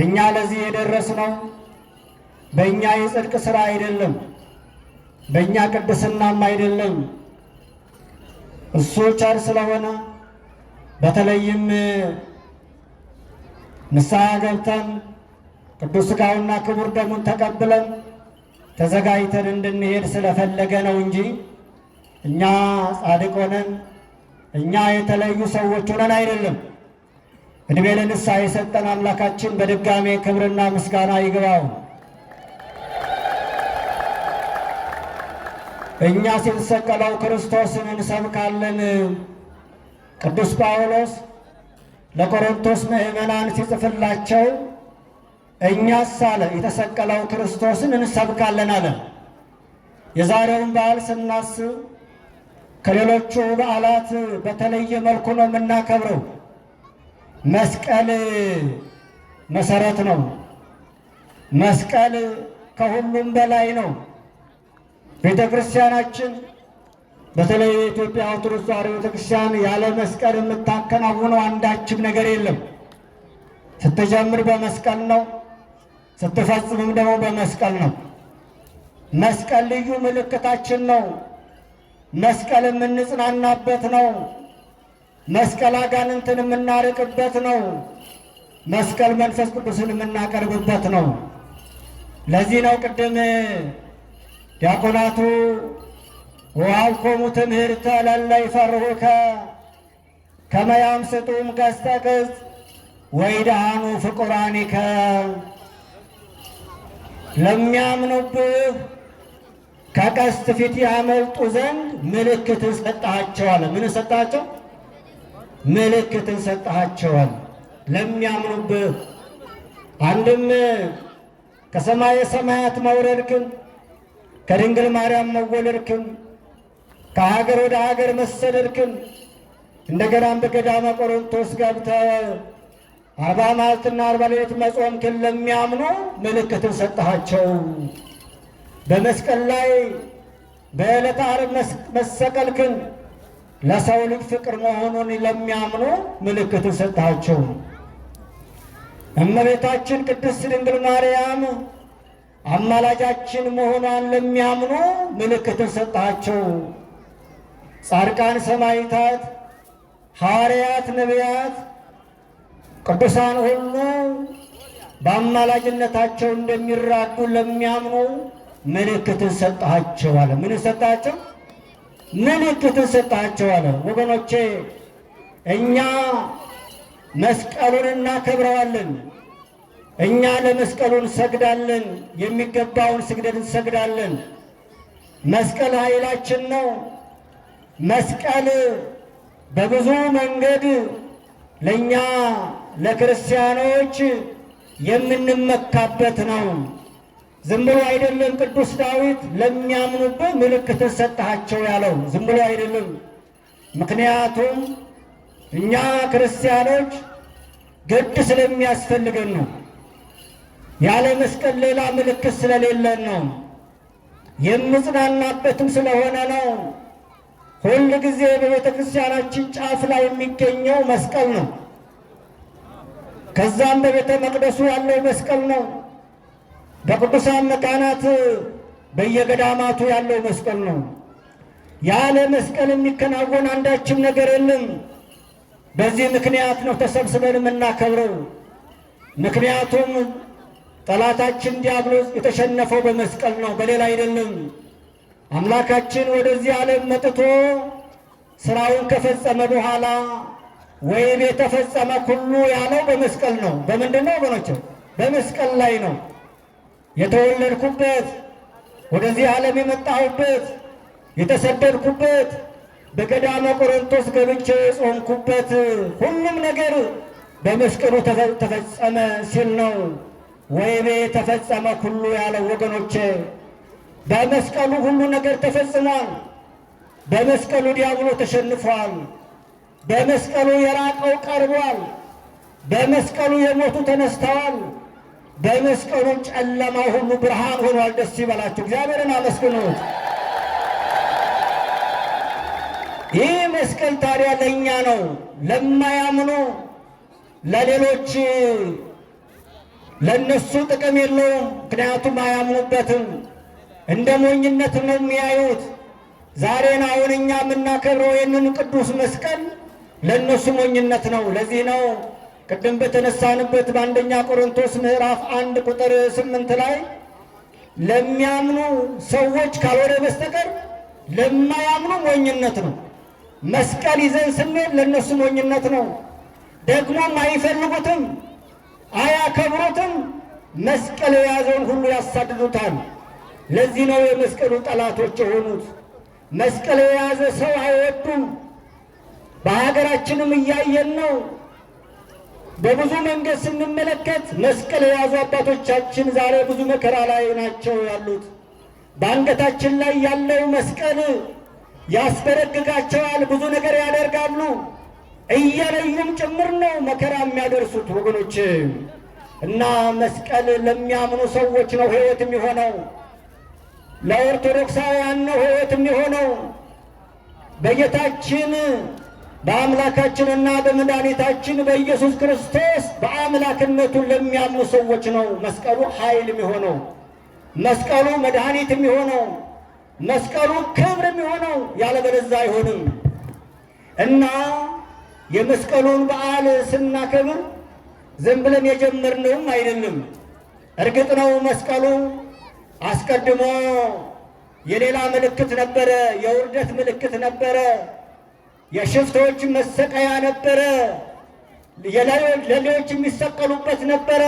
እኛ ለዚህ የደረስነው በእኛ የጽድቅ ሥራ አይደለም፣ በእኛ ቅድስናም አይደለም። እሱ ቸር ስለሆነ በተለይም ንስሐ ገብተን ቅዱስ ሥጋውና ክቡር ደሙን ተቀብለን ተዘጋጅተን እንድንሄድ ስለፈለገ ነው እንጂ እኛ ጻድቅ ሆነን እኛ የተለዩ ሰዎች ሆነን አይደለም። እድሜ ለንስሐ የሰጠን አምላካችን በድጋሜ ክብርና ምስጋና ይግባው። እኛ ሲሰቀለው ክርስቶስን እንሰብካለን። ቅዱስ ጳውሎስ ለቆሮንቶስ ምእመናን ሲጽፍላቸው እኛስ አለ የተሰቀለው ክርስቶስን እንሰብካለን አለ። የዛሬውን በዓል ስናስብ ከሌሎቹ በዓላት በተለየ መልኩ ነው የምናከብረው። መስቀል መሰረት ነው። መስቀል ከሁሉም በላይ ነው። ቤተ ክርስቲያናችን በተለይ የኢትዮጵያ ኦርቶዶክስ ተዋሕዶ ቤተ ክርስቲያን ያለ መስቀል የምታከናውነው አንዳችም ነገር የለም። ስትጀምር በመስቀል ነው፣ ስትፈጽምም ደግሞ በመስቀል ነው። መስቀል ልዩ ምልክታችን ነው። መስቀል የምንጽናናበት ነው። መስቀል አጋንንትን የምናርቅበት ነው። መስቀል መንፈስ ቅዱስን የምናቀርብበት ነው። ለዚህ ነው ቅድም ዲያቆናቱ ወሀብኮሙ ትምህርተ ለለ ይፈርሁከ ከመ ያምስጡም ገጸ ቅጽ ፍቁራኒከ ለሚያምኑብህ ከቀስት ፊት ያመልጡ ዘንድ ምልክት ሰጣቸው አለ። ምን ሰጣቸው? ምልክትን ሰጠሃቸዋል ለሚያምኑብህ አንድም ከሰማየ ሰማያት መውረድክን ከድንግል ማርያም መወለድክን ከሀገር ወደ ሀገር መሰደድክን እንደገናም በገዳመ ቆሮንቶስ ገብተህ አርባ መዓልትና አርባ ሌሊት መጾምክን ለሚያምኑ ምልክትን ሰጠሃቸው። በመስቀል ላይ በዕለተ ዓርብ መሰቀልክን ለሰው ልጅ ፍቅር መሆኑን ለሚያምኑ ምልክትን ሰጥታቸው። እመቤታችን ቅድስት ድንግል ማርያም አማላጃችን መሆኗን ለሚያምኑ ምልክትን ሰጥታቸው። ጻድቃን ሰማዕታት፣ ሐዋርያት፣ ነቢያት፣ ቅዱሳን ሁሉ በአማላጅነታቸው እንደሚራዱ ለሚያምኑ ምልክትን ሰጥታቸዋል። ምን ሰጣቸው? ምን ከተሰጣቸው አለ። ወገኖቼ እኛ መስቀሉን እናከብረዋለን። እኛ ለመስቀሉ እንሰግዳለን። የሚገባውን ስግደት እንሰግዳለን። መስቀል ኃይላችን ነው። መስቀል በብዙ መንገድ ለእኛ ለክርስቲያኖች የምንመካበት ነው። ዝም ብሎ አይደለም ቅዱስ ዳዊት ለሚያምኑበት ምልክትን ሰጠሃቸው ያለው ዝም ብሎ አይደለም። ምክንያቱም እኛ ክርስቲያኖች ግድ ስለሚያስፈልገን ነው። ያለ መስቀል ሌላ ምልክት ስለሌለን ነው። የምጽናናበትም ስለሆነ ነው። ሁል ጊዜ በቤተ ክርስቲያናችን ጫፍ ላይ የሚገኘው መስቀል ነው። ከዛም በቤተ መቅደሱ ያለው መስቀል ነው። በቅዱሳን መካናት በየገዳማቱ ያለው መስቀል ነው። ያለ መስቀል የሚከናወን አንዳችም ነገር የለም። በዚህ ምክንያት ነው ተሰብስበን የምናከብረው። ምክንያቱም ጠላታችን ዲያብሎስ የተሸነፈው በመስቀል ነው፣ በሌላ አይደለም። አምላካችን ወደዚህ ዓለም መጥቶ ስራውን ከፈጸመ በኋላ ወይም የተፈጸመ ሁሉ ያለው በመስቀል ነው። በምንድን ነው ወገኖች? በመስቀል ላይ ነው። የተወለድኩበት ወደዚህ ዓለም የመጣሁበት የተሰደድኩበት በገዳመ ቆሮንቶስ ገብቼ የጾምኩበት ሁሉም ነገር በመስቀሉ ተፈጸመ ሲል ነው። ወይቤ ተፈጸመ ሁሉ ያለው ወገኖቼ፣ በመስቀሉ ሁሉ ነገር ተፈጽሟል። በመስቀሉ ዲያብሎ ተሸንፏል። በመስቀሉ የራቀው ቀርቧል። በመስቀሉ የሞቱ ተነስተዋል። በመስቀሉም ጨለማ ሁሉ ብርሃን ሆኗል። ደስ ይበላችሁ፣ እግዚአብሔርን አመስግኑት። ይህ መስቀል ታዲያ ለእኛ ነው፣ ለማያምኑ ለሌሎች ለእነሱ ጥቅም የለውም፣ ምክንያቱም አያምኑበትም። እንደ ሞኝነት ነው የሚያዩት። ዛሬን አሁን እኛ የምናከብረው ይህንን ቅዱስ መስቀል ለእነሱ ሞኝነት ነው። ለዚህ ነው ቅድም በተነሳንበት በአንደኛ ቆሮንቶስ ምዕራፍ አንድ ቁጥር ስምንት ላይ ለሚያምኑ ሰዎች ካልሆነ በስተቀር ለማያምኑ ሞኝነት ነው። መስቀል ይዘን ስንሄድ ለእነሱ ሞኝነት ነው። ደግሞም አይፈልጉትም፣ አያከብሩትም። መስቀል የያዘውን ሁሉ ያሳድዱታል። ለዚህ ነው የመስቀሉ ጠላቶች የሆኑት። መስቀል የያዘ ሰው አይወዱም። በሀገራችንም እያየን ነው። በብዙ መንገድ ስንመለከት መስቀል የያዙ አባቶቻችን ዛሬ ብዙ መከራ ላይ ናቸው ያሉት። በአንገታችን ላይ ያለው መስቀል ያስበረግጋቸዋል፣ ብዙ ነገር ያደርጋሉ። እየለዩም ጭምር ነው መከራ የሚያደርሱት ወገኖች። እና መስቀል ለሚያምኑ ሰዎች ነው ሕይወት የሚሆነው፣ ለኦርቶዶክሳውያን ነው ሕይወት የሚሆነው በጌታችን በአምላካችንና በመድኃኒታችን በኢየሱስ ክርስቶስ በአምላክነቱ ለሚያምኑ ሰዎች ነው መስቀሉ ኃይል የሚሆነው፣ መስቀሉ መድኃኒት የሚሆነው፣ መስቀሉ ክብር የሚሆነው። ያለበለዛ አይሆንም እና የመስቀሉን በዓል ስናከብር ዝም ብለን የጀመርነውም አይደለም። እርግጥ ነው መስቀሉ አስቀድሞ የሌላ ምልክት ነበረ፣ የውርደት ምልክት ነበረ። የሽፍቶች መሰቀያ ነበረ። ለሌዎች የሚሰቀሉበት ነበረ።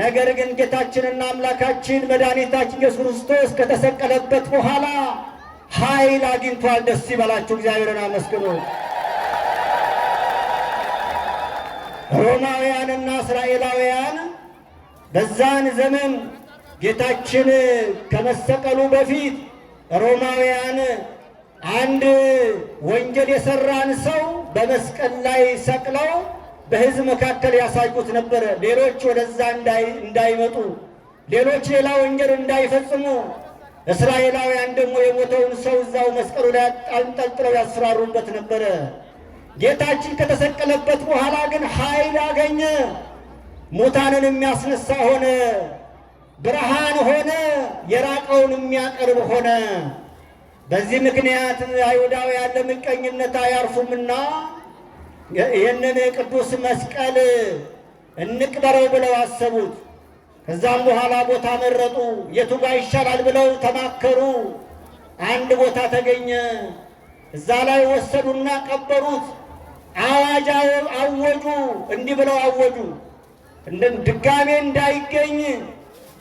ነገር ግን ጌታችንና አምላካችን መድኃኒታችን ኢየሱስ ክርስቶስ ከተሰቀለበት በኋላ ኃይል አግኝቷል። ደስ ይበላችሁ፣ እግዚአብሔርን አመስግኑ። ሮማውያንና እስራኤላውያን በዛን ዘመን ጌታችን ከመሰቀሉ በፊት ሮማውያን አንድ ወንጀል የሰራን ሰው በመስቀል ላይ ሰቅለው በህዝብ መካከል ያሳዩት ነበረ። ሌሎች ወደዛ እንዳይመጡ፣ ሌሎች ሌላ ወንጀል እንዳይፈጽሙ እስራኤላውያን ደግሞ የሞተውን ሰው እዛው መስቀሉ ላይ አንጠልጥለው ያስፈራሩበት ነበረ። ጌታችን ከተሰቀለበት በኋላ ግን ኃይል አገኘ። ሙታንን የሚያስነሳ ሆነ፣ ብርሃን ሆነ፣ የራቀውን የሚያቀርብ ሆነ። በዚህ ምክንያት አይሁዳውያን ለምቀኝነት አያርፉምና ይህንን ቅዱስ መስቀል እንቅበረው ብለው አሰቡት። ከዛም በኋላ ቦታ መረጡ። የቱ ጋ ይሻላል ብለው ተማከሩ። አንድ ቦታ ተገኘ። እዛ ላይ ወሰዱና ቀበሩት። አዋጅ አወጁ። እንዲህ ብለው አወጁ፣ ድጋሜ እንዳይገኝ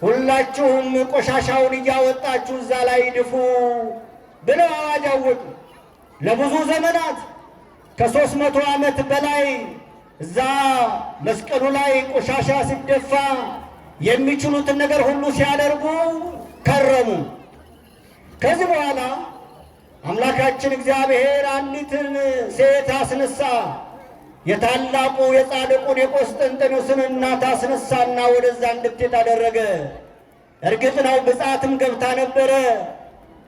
ሁላችሁም ቆሻሻውን እያወጣችሁ እዛ ላይ ድፉ ብለው አዋጅ አወጡ። ለብዙ ዘመናት ከሦስት መቶ ዓመት በላይ እዛ መስቀሉ ላይ ቆሻሻ ሲደፋ የሚችሉትን ነገር ሁሉ ሲያደርጉ ከረሙ። ከዚህ በኋላ አምላካችን እግዚአብሔር አንዲትን ሴት አስነሳ። የታላቁ የጻድቁን የቆስጠንጠኖስን እናት አስነሳና ወደዛ እንድትሄድ አደረገ። እርግጥ ነው ብጻትም ገብታ ነበረ።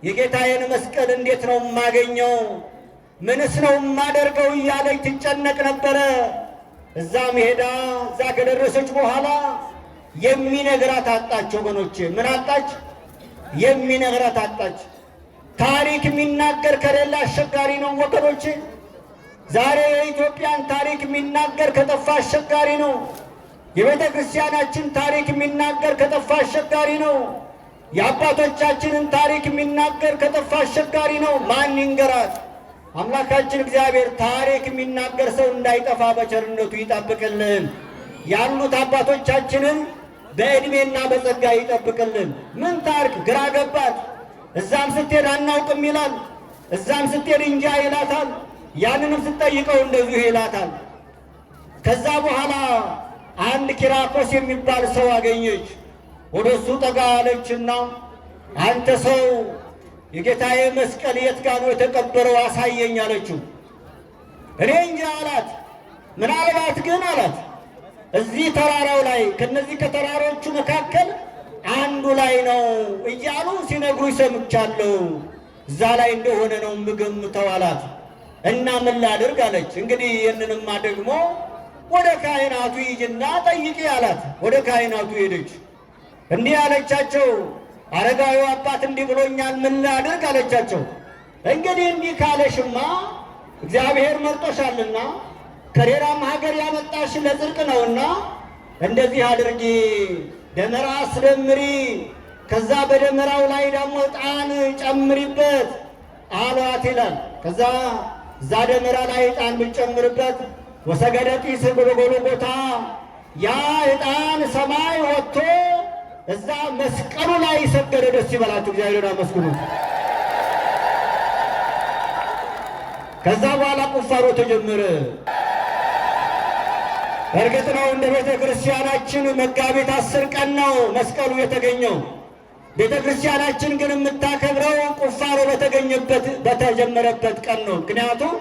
የጌታዬን መስቀል እንዴት ነው የማገኘው? ምንስ ነው የማደርገው? እያለች ትጨነቅ ነበረ። እዛም ሄዳ እዛ ከደረሰች በኋላ የሚነግራት አጣች። ወገኖች ምን አጣች? የሚነግራት አጣች። ታሪክ የሚናገር ከሌለ አስቸጋሪ ነው ወገኖች ዛሬ የኢትዮጵያን ታሪክ የሚናገር ከጠፋ አስቸጋሪ ነው። የቤተ ክርስቲያናችን ታሪክ የሚናገር ከጠፋ አስቸጋሪ ነው። የአባቶቻችንን ታሪክ የሚናገር ከጠፋ አስቸጋሪ ነው፣ ማን ይንገራት? አምላካችን እግዚአብሔር ታሪክ የሚናገር ሰው እንዳይጠፋ በቸርነቱ ይጠብቅልን። ያሉት አባቶቻችንን በዕድሜና በጸጋ ይጠብቅልን። ምን ታሪክ ግራ ገባት። እዛም ስትሄድ አናውቅም ይላል፣ እዛም ስትሄድ እንጃ ይላታል፣ ያንንም ስትጠይቀው እንደዚሁ ይላታል። ከዛ በኋላ አንድ ኪራኮስ የሚባል ሰው አገኘች። ወደ እሱ ጠጋ አለችና አንተ ሰው የጌታዬ መስቀል የት ጋር ነው የተቀበረው? አሳየኝ አለችው። እኔ እንጂ አላት። ምናልባት ግን አላት እዚህ ተራራው ላይ ከነዚህ ከተራሮቹ መካከል አንዱ ላይ ነው እያሉ ሲነግሩ ይሰምቻለሁ። እዛ ላይ እንደሆነ ነው የምገምተው አላት። እና ምን ላድርግ አለች። እንግዲህ ይህንንማ ደግሞ ወደ ካህናቱ ሂጂና ጠይቂ አላት። ወደ ካህናቱ ሄደች። እንዲህ አለቻቸው፣ አረጋዊው አባት እንዲህ ብሎኛል፣ ምን ላድርግ አለቻቸው። እንግዲህ እንዲህ ካለሽማ እግዚአብሔር መርጦሻልና ከሌላም ሀገር ያመጣሽ ለጽድቅ ነውና እንደዚህ አድርጊ፣ ደመራ አስደምሪ፣ ከዛ በደመራው ላይ ደግሞ ዕጣን ጨምሪበት አሏት ይላል። ከዛ እዛ ደመራ ላይ ዕጣን ብጨምርበት ወሰገደ ጢስ ጎልጎታ ያ ዕጣን ሰማይ ወጥቶ እዛ መስቀሉ ላይ ሰገደ። ደስ ይበላችሁ፣ እግዚአብሔርን አመስግኑ። ከዛ በኋላ ቁፋሮ ተጀመረ። እርግጥ ነው እንደ ቤተ ክርስቲያናችን መጋቢት አስር ቀን ነው መስቀሉ የተገኘው። ቤተ ክርስቲያናችን ግን የምታከብረው ቁፋሮ በተገኘበት በተጀመረበት ቀን ነው። ምክንያቱም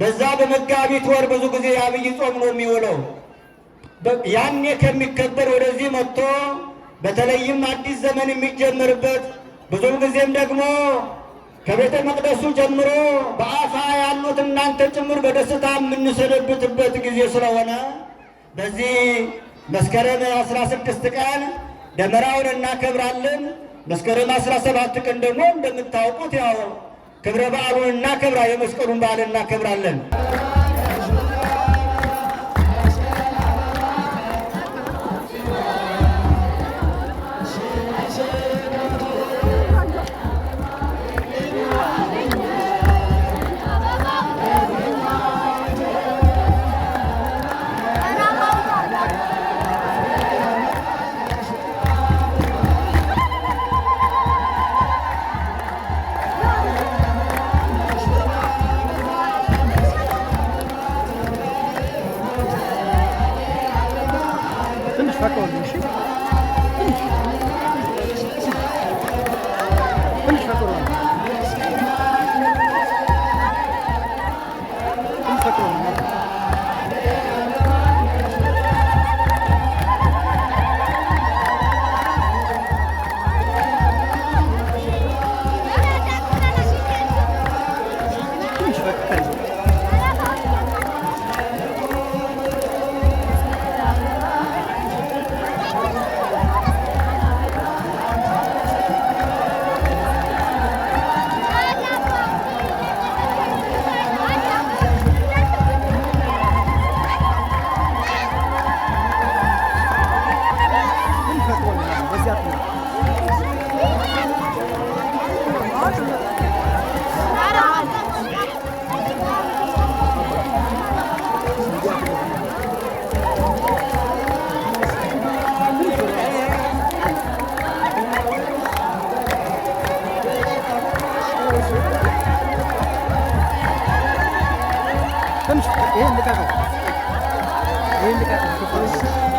በዛ በመጋቢት ወር ብዙ ጊዜ አብይ ጾም ነው የሚውለው። ያኔ ከሚከበር ወደዚህ መጥቶ በተለይም አዲስ ዘመን የሚጀምርበት ብዙ ጊዜም ደግሞ ከቤተ መቅደሱ ጀምሮ በአፋ ያሉት እናንተ ጭምር በደስታ የምንሰነብትበት ጊዜ ስለሆነ በዚህ መስከረም 16 ቀን ደመራውን እናከብራለን። መስከረም 17 ቀን ደግሞ እንደምታውቁት ያው ክብረ በዓሉን እናከብራ የመስቀሉን በዓል እናከብራለን። Великолепно.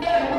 Yeah.